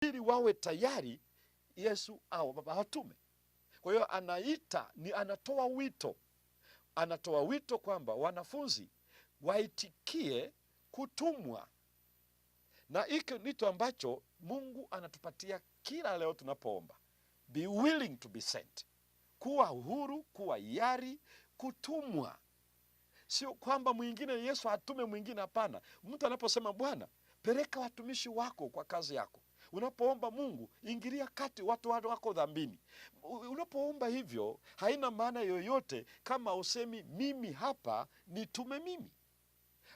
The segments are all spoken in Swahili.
ili wawe tayari Yesu au baba atume. Kwa hiyo anaita ni anatoa wito, anatoa wito kwamba wanafunzi waitikie kutumwa, na hiki ndicho ambacho Mungu anatupatia kila leo tunapoomba, be willing to be sent, kuwa huru, kuwa yari kutumwa. Sio kwamba mwingine Yesu atume mwingine, hapana. Mtu anaposema Bwana, peleka watumishi wako kwa kazi yako Unapoomba Mungu, ingilia kati watu wako dhambini. Unapoomba hivyo, haina maana yoyote kama usemi mimi hapa nitume mimi.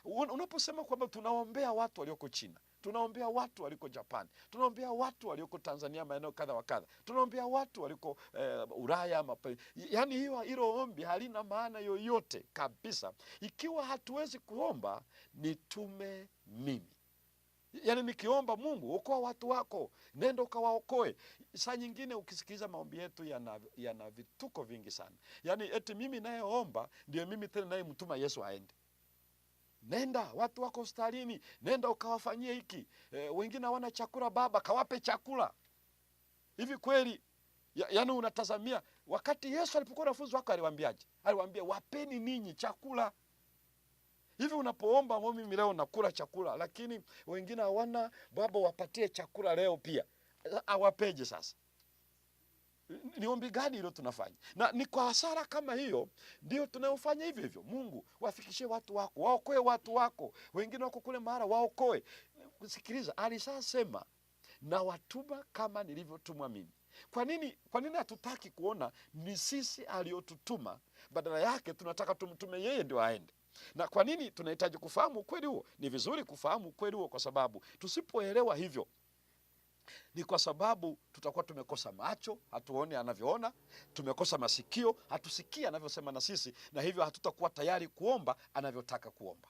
Unaposema kwamba tunaombea watu walioko China, tunaombea watu waliko Japani, tunaombea watu walioko Tanzania, maeneo kadha wa kadha, tunaombea watu waliko eh, Ulaya mapa. Yani hiyo hilo ombi halina maana yoyote kabisa ikiwa hatuwezi kuomba nitume mimi. Yaani nikiomba Mungu, okoa watu wako, nenda ukawaokoe. Saa nyingine ukisikiliza maombi yetu yana yana vituko vingi sana, yaani eti mimi nayeomba ndio mimi tena naye mtuma Yesu aende nenda watu wako hospitalini, nenda ukawafanyie hiki. E, wengine hawana chakula, Baba kawape chakula. Hivi kweli ya, yani unatazamia wakati Yesu alipokuwa wanafunzi wako aliwaambiaje? Aliwaambia wapeni ninyi chakula. Hivi unapoomba mo, mimi leo nakula chakula, lakini wengine hawana, Baba wapatie chakula leo pia, awapeje? Sasa ni ombi gani hilo tunafanya? Na ni kwa hasara kama hiyo ndio tunayofanya hivyo hivyo. Mungu, wafikishie watu wako, waokoe watu wako, wengine wako kule Mara, waokoe. Sikiliza, alishasema na watuma kama nilivyotumwa mimi. Kwa nini? Kwa nini hatutaki kuona ni sisi aliyotutuma? Badala yake tunataka tumtume yeye ndio aende. Na kwa nini tunahitaji kufahamu ukweli huo? Ni vizuri kufahamu ukweli huo, kwa sababu tusipoelewa hivyo ni kwa sababu tutakuwa tumekosa macho, hatuone anavyoona, tumekosa masikio, hatusikii anavyosema na sisi, na hivyo hatutakuwa tayari kuomba anavyotaka kuomba.